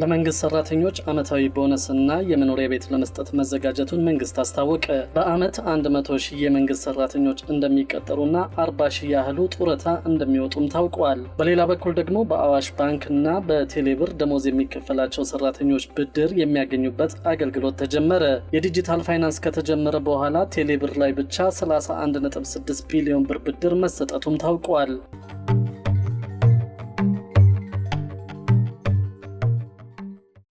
ለመንግስት ሰራተኞች አመታዊ ቦነስና የመኖሪያ ቤት ለመስጠት መዘጋጀቱን መንግስት አስታወቀ። በአመት 100 ሺህ የመንግስት ሰራተኞች እንደሚቀጠሩና 40 ሺህ ያህሉ ጡረታ እንደሚወጡም ታውቋል። በሌላ በኩል ደግሞ በአዋሽ ባንክ እና በቴሌብር ደሞዝ የሚከፈላቸው ሰራተኞች ብድር የሚያገኙበት አገልግሎት ተጀመረ። የዲጂታል ፋይናንስ ከተጀመረ በኋላ ቴሌብር ላይ ብቻ 31.6 ቢሊዮን ብር ብድር መሰጠቱም ታውቋል።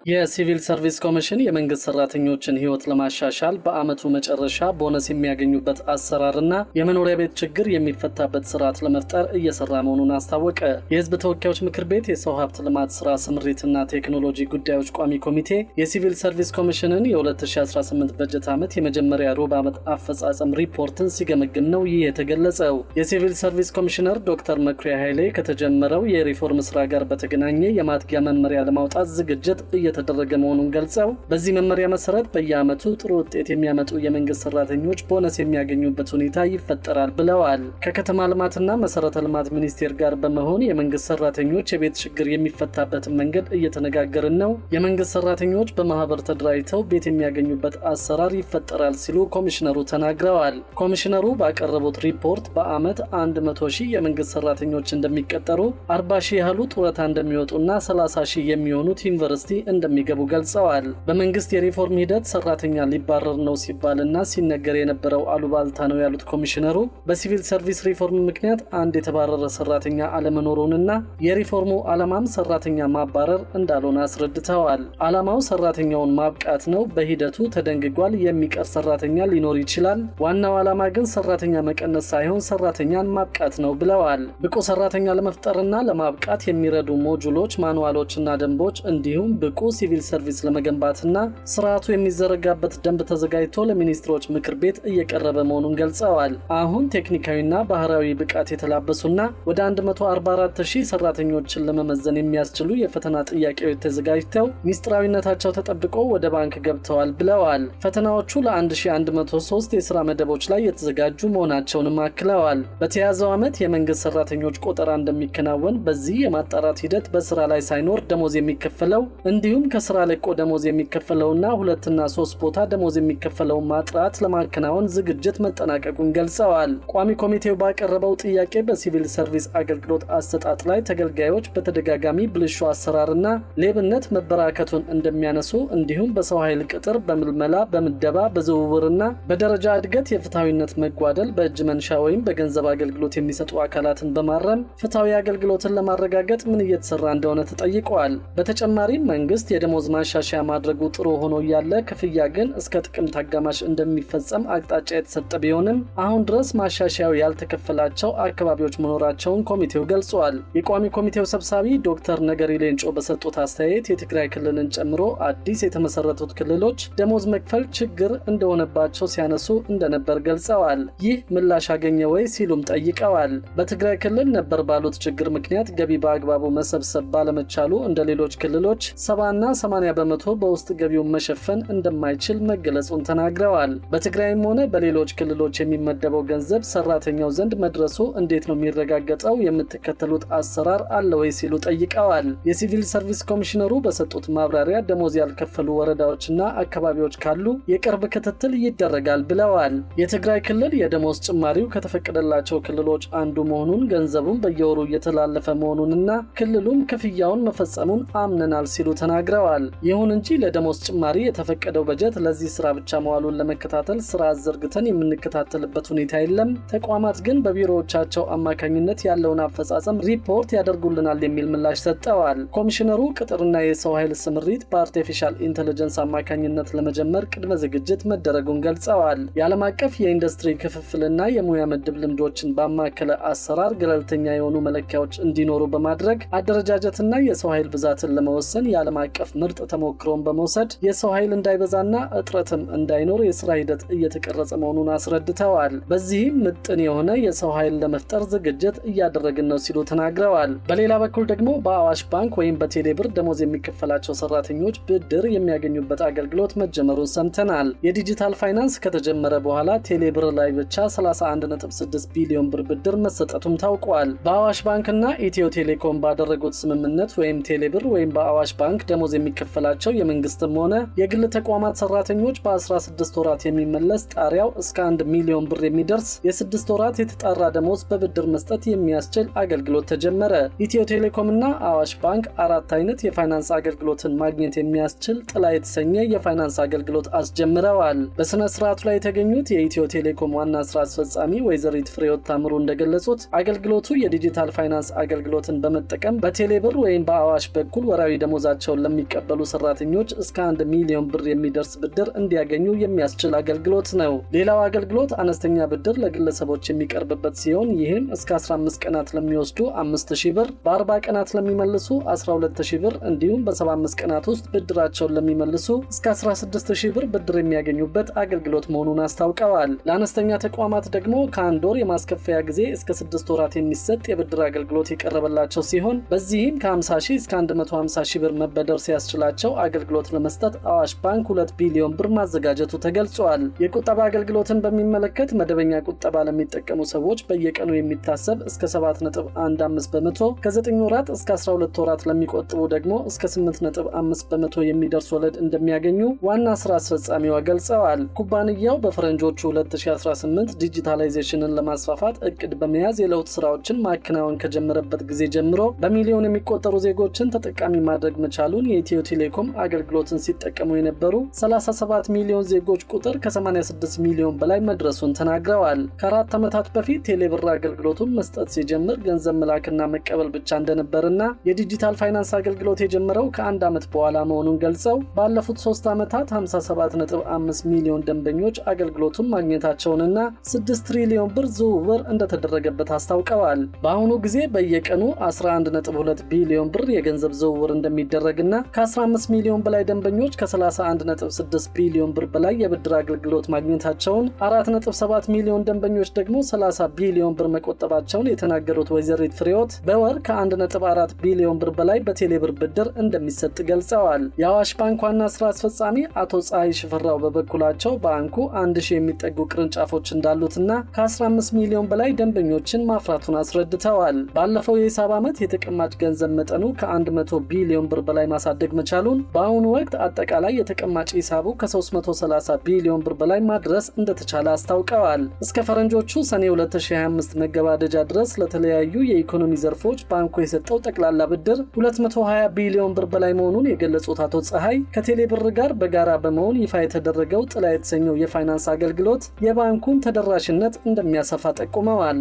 የሲቪል ሰርቪስ ኮሚሽን የመንግስት ሰራተኞችን ህይወት ለማሻሻል በአመቱ መጨረሻ ቦነስ የሚያገኙበት አሰራርና የመኖሪያ ቤት ችግር የሚፈታበት ስርዓት ለመፍጠር እየሰራ መሆኑን አስታወቀ። የህዝብ ተወካዮች ምክር ቤት የሰው ሀብት ልማት ስራ ስምሪትና ቴክኖሎጂ ጉዳዮች ቋሚ ኮሚቴ የሲቪል ሰርቪስ ኮሚሽንን የ2018 በጀት ዓመት የመጀመሪያ ሩብ ዓመት አፈጻጸም ሪፖርትን ሲገመግም ነው ይህ የተገለጸው። የሲቪል ሰርቪስ ኮሚሽነር ዶክተር መኩሪያ ኃይሌ ከተጀመረው የሪፎርም ስራ ጋር በተገናኘ የማትጊያ መመሪያ ለማውጣት ዝግጅት እየ እየተደረገ መሆኑን ገልጸው በዚህ መመሪያ መሰረት በየዓመቱ ጥሩ ውጤት የሚያመጡ የመንግስት ሰራተኞች ቦነስ የሚያገኙበት ሁኔታ ይፈጠራል ብለዋል። ከከተማ ልማትና መሰረተ ልማት ሚኒስቴር ጋር በመሆን የመንግስት ሰራተኞች የቤት ችግር የሚፈታበትን መንገድ እየተነጋገርን ነው። የመንግስት ሰራተኞች በማህበር ተደራጅተው ቤት የሚያገኙበት አሰራር ይፈጠራል ሲሉ ኮሚሽነሩ ተናግረዋል። ኮሚሽነሩ ባቀረቡት ሪፖርት በዓመት 100 ሺህ የመንግስት ሰራተኞች እንደሚቀጠሩ፣ 40 ሺህ ያህሉ ጡረታ እንደሚወጡና 30 ሺህ የሚሆኑት ዩኒቨርሲቲ እንደሚገቡ ገልጸዋል። በመንግስት የሪፎርም ሂደት ሰራተኛ ሊባረር ነው ሲባልና ሲነገር የነበረው አሉባልታ ነው ያሉት ኮሚሽነሩ በሲቪል ሰርቪስ ሪፎርም ምክንያት አንድ የተባረረ ሰራተኛ አለመኖሩንና የሪፎርሙ ዓላማም ሰራተኛ ማባረር እንዳልሆነ አስረድተዋል። ዓላማው ሰራተኛውን ማብቃት ነው። በሂደቱ ተደንግጓል። የሚቀር ሰራተኛ ሊኖር ይችላል። ዋናው ዓላማ ግን ሰራተኛ መቀነስ ሳይሆን ሰራተኛን ማብቃት ነው ብለዋል። ብቁ ሰራተኛ ለመፍጠርና ለማብቃት የሚረዱ ሞጁሎች፣ ማኑዋሎችና ደንቦች እንዲሁም ብቁ ሲቪል ሰርቪስ ለመገንባትና ስርዓቱ የሚዘረጋበት ደንብ ተዘጋጅቶ ለሚኒስትሮች ምክር ቤት እየቀረበ መሆኑን ገልጸዋል። አሁን ቴክኒካዊና ባህራዊ ብቃት የተላበሱና ወደ 144000 ሰራተኞችን ለመመዘን የሚያስችሉ የፈተና ጥያቄዎች ተዘጋጅተው ሚስጥራዊነታቸው ተጠብቆ ወደ ባንክ ገብተዋል ብለዋል። ፈተናዎቹ ለ1103 የስራ መደቦች ላይ የተዘጋጁ መሆናቸውንም አክለዋል። በተያዘው ዓመት የመንግስት ሰራተኞች ቆጠራ እንደሚከናወን በዚህ የማጣራት ሂደት በስራ ላይ ሳይኖር ደሞዝ የሚከፈለው እንዲሁም እንዲሁም ከስራ ለቆ ደሞዝ የሚከፈለውና ሁለትና ሶስት ቦታ ደሞዝ የሚከፈለውን ማጥራት ለማከናወን ዝግጅት መጠናቀቁን ገልጸዋል። ቋሚ ኮሚቴው ባቀረበው ጥያቄ በሲቪል ሰርቪስ አገልግሎት አሰጣጥ ላይ ተገልጋዮች በተደጋጋሚ ብልሹ አሰራርና ሌብነት መበራከቱን እንደሚያነሱ እንዲሁም በሰው ኃይል ቅጥር፣ በምልመላ፣ በምደባ፣ በዝውውርና በደረጃ እድገት የፍትሐዊነት መጓደል በእጅ መንሻ ወይም በገንዘብ አገልግሎት የሚሰጡ አካላትን በማረም ፍትሐዊ አገልግሎትን ለማረጋገጥ ምን እየተሰራ እንደሆነ ተጠይቀዋል። በተጨማሪም መንግስት የደሞዝ ማሻሻያ ማድረጉ ጥሩ ሆኖ እያለ ክፍያ ግን እስከ ጥቅምት አጋማሽ እንደሚፈጸም አቅጣጫ የተሰጠ ቢሆንም አሁን ድረስ ማሻሻያው ያልተከፈላቸው አካባቢዎች መኖራቸውን ኮሚቴው ገልጿል። የቋሚ ኮሚቴው ሰብሳቢ ዶክተር ነገሪ ሌንጮ በሰጡት አስተያየት የትግራይ ክልልን ጨምሮ አዲስ የተመሰረቱት ክልሎች ደሞዝ መክፈል ችግር እንደሆነባቸው ሲያነሱ እንደነበር ገልጸዋል። ይህ ምላሽ አገኘ ወይ ሲሉም ጠይቀዋል። በትግራይ ክልል ነበር ባሉት ችግር ምክንያት ገቢ በአግባቡ መሰብሰብ ባለመቻሉ እንደ ሌሎች ክልሎች ሰባ እና 80 በመቶ በውስጥ ገቢውን መሸፈን እንደማይችል መገለጹን ተናግረዋል። በትግራይም ሆነ በሌሎች ክልሎች የሚመደበው ገንዘብ ሰራተኛው ዘንድ መድረሱ እንዴት ነው የሚረጋገጠው? የምትከተሉት አሰራር አለ ወይ ሲሉ ጠይቀዋል። የሲቪል ሰርቪስ ኮሚሽነሩ በሰጡት ማብራሪያ ደሞዝ ያልከፈሉ ወረዳዎችና አካባቢዎች ካሉ የቅርብ ክትትል ይደረጋል ብለዋል። የትግራይ ክልል የደሞዝ ጭማሪው ከተፈቀደላቸው ክልሎች አንዱ መሆኑን ገንዘቡን በየወሩ እየተላለፈ መሆኑንና ክልሉም ክፍያውን መፈጸሙን አምነናል ሲሉ ተናግረዋል። ተናግረዋል። ይሁን እንጂ ለደሞዝ ጭማሪ የተፈቀደው በጀት ለዚህ ስራ ብቻ መዋሉን ለመከታተል ስራ አዘርግተን የምንከታተልበት ሁኔታ የለም። ተቋማት ግን በቢሮዎቻቸው አማካኝነት ያለውን አፈጻጸም ሪፖርት ያደርጉልናል የሚል ምላሽ ሰጠዋል። ኮሚሽነሩ ቅጥርና የሰው ኃይል ስምሪት በአርቲፊሻል ኢንቴልጀንስ አማካኝነት ለመጀመር ቅድመ ዝግጅት መደረጉን ገልጸዋል። የዓለም አቀፍ የኢንዱስትሪ ክፍፍልና የሙያ መድብ ልምዶችን ባማከለ አሰራር ገለልተኛ የሆኑ መለኪያዎች እንዲኖሩ በማድረግ አደረጃጀትና የሰው ኃይል ብዛትን ለመወሰን የዓለም አቀፍ አቀፍ ምርጥ ተሞክሮን በመውሰድ የሰው ኃይል እንዳይበዛና እጥረትም እንዳይኖር የስራ ሂደት እየተቀረጸ መሆኑን አስረድተዋል። በዚህም ምጥን የሆነ የሰው ኃይል ለመፍጠር ዝግጅት እያደረግን ነው ሲሉ ተናግረዋል። በሌላ በኩል ደግሞ በአዋሽ ባንክ ወይም በቴሌ ብር ደሞዝ የሚከፈላቸው ሰራተኞች ብድር የሚያገኙበት አገልግሎት መጀመሩን ሰምተናል። የዲጂታል ፋይናንስ ከተጀመረ በኋላ ቴሌ ብር ላይ ብቻ 31.6 ቢሊዮን ብር ብድር መሰጠቱም ታውቋል። በአዋሽ ባንክና ኢትዮ ቴሌኮም ባደረጉት ስምምነት ወይም ቴሌ ብር ወይም በአዋሽ ባንክ ደሞዝ ደሞዝ የሚከፈላቸው የመንግስትም ሆነ የግል ተቋማት ሰራተኞች በ16 ወራት የሚመለስ ጣሪያው እስከ 1 ሚሊዮን ብር የሚደርስ የስድስት ወራት የተጣራ ደሞዝ በብድር መስጠት የሚያስችል አገልግሎት ተጀመረ። ኢትዮ ቴሌኮም እና አዋሽ ባንክ አራት አይነት የፋይናንስ አገልግሎትን ማግኘት የሚያስችል ጥላ የተሰኘ የፋይናንስ አገልግሎት አስጀምረዋል። በሥነ ሥርዓቱ ላይ የተገኙት የኢትዮ ቴሌኮም ዋና ስራ አስፈጻሚ ወይዘሪት ፍሬወት ታምሩ እንደገለጹት አገልግሎቱ የዲጂታል ፋይናንስ አገልግሎትን በመጠቀም በቴሌብር ወይም በአዋሽ በኩል ወራዊ ደሞዛቸውን ለሚቀበሉ ሰራተኞች እስከ አንድ ሚሊዮን ብር የሚደርስ ብድር እንዲያገኙ የሚያስችል አገልግሎት ነው። ሌላው አገልግሎት አነስተኛ ብድር ለግለሰቦች የሚቀርብበት ሲሆን ይህም እስከ 15 ቀናት ለሚወስዱ 5000 ብር፣ በ40 ቀናት ለሚመልሱ 12000 ብር እንዲሁም በ75 ቀናት ውስጥ ብድራቸውን ለሚመልሱ እስከ 16000 ብር ብድር የሚያገኙበት አገልግሎት መሆኑን አስታውቀዋል። ለአነስተኛ ተቋማት ደግሞ ከአንድ ወር የማስከፈያ ጊዜ እስከ 6 ወራት የሚሰጥ የብድር አገልግሎት የቀረበላቸው ሲሆን በዚህም ከ50 ሺህ እስከ 150 ሺህ ብር መበደር ሲያስችላቸው አገልግሎት ለመስጠት አዋሽ ባንክ 2 ቢሊዮን ብር ማዘጋጀቱ ተገልጿል። የቁጠባ አገልግሎትን በሚመለከት መደበኛ ቁጠባ ለሚጠቀሙ ሰዎች በየቀኑ የሚታሰብ እስከ 7.15 በመቶ ከ9 ወራት እስከ 12 ወራት ለሚቆጥቡ ደግሞ እስከ 8.5 በመቶ የሚደርስ ወለድ እንደሚያገኙ ዋና ስራ አስፈጻሚዋ ገልጸዋል። ኩባንያው በፈረንጆቹ 2018 ዲጂታላይዜሽንን ለማስፋፋት እቅድ በመያዝ የለውጥ ስራዎችን ማከናወን ከጀመረበት ጊዜ ጀምሮ በሚሊዮን የሚቆጠሩ ዜጎችን ተጠቃሚ ማድረግ መቻሉን የኢትዮ ቴሌኮም አገልግሎትን ሲጠቀሙ የነበሩ 37 ሚሊዮን ዜጎች ቁጥር ከ86 ሚሊዮን በላይ መድረሱን ተናግረዋል። ከአራት ዓመታት በፊት ቴሌብር አገልግሎቱን መስጠት ሲጀምር ገንዘብ መላክና መቀበል ብቻ እንደነበርና የዲጂታል ፋይናንስ አገልግሎት የጀመረው ከአንድ ዓመት በኋላ መሆኑን ገልጸው ባለፉት ሶስት ዓመታት 57.5 ሚሊዮን ደንበኞች አገልግሎቱን ማግኘታቸውንና 6 ትሪሊዮን ብር ዝውውር እንደተደረገበት አስታውቀዋል። በአሁኑ ጊዜ በየቀኑ 11.2 ቢሊዮን ብር የገንዘብ ዝውውር እንደሚደረግና ከ15 ሚሊዮን በላይ ደንበኞች ከ31.6 ቢሊዮን ብር በላይ የብድር አገልግሎት ማግኘታቸውን፣ 4.7 ሚሊዮን ደንበኞች ደግሞ 30 ቢሊዮን ብር መቆጠባቸውን የተናገሩት ወይዘሪት ፍሬዎት በወር ከ1.4 ቢሊዮን ብር በላይ በቴሌብር ብድር እንደሚሰጥ ገልጸዋል። የአዋሽ ባንክ ዋና ስራ አስፈጻሚ አቶ ፀሐይ ሽፈራው በበኩላቸው ባንኩ 1000 የሚጠጉ ቅርንጫፎች እንዳሉትና ከ15 ሚሊዮን በላይ ደንበኞችን ማፍራቱን አስረድተዋል። ባለፈው የሂሳብ ዓመት የተቀማጭ ገንዘብ መጠኑ ከ100 ቢሊዮን ብር በላይ ማሳ ማሳደግ መቻሉን በአሁኑ ወቅት አጠቃላይ የተቀማጭ ሂሳቡ ከ330 ቢሊዮን ብር በላይ ማድረስ እንደተቻለ አስታውቀዋል። እስከ ፈረንጆቹ ሰኔ 2025 መገባደጃ ድረስ ለተለያዩ የኢኮኖሚ ዘርፎች ባንኩ የሰጠው ጠቅላላ ብድር 220 ቢሊዮን ብር በላይ መሆኑን የገለጹት አቶ ፀሐይ ከቴሌ ብር ጋር በጋራ በመሆን ይፋ የተደረገው ጥላ የተሰኘው የፋይናንስ አገልግሎት የባንኩን ተደራሽነት እንደሚያሰፋ ጠቁመዋል።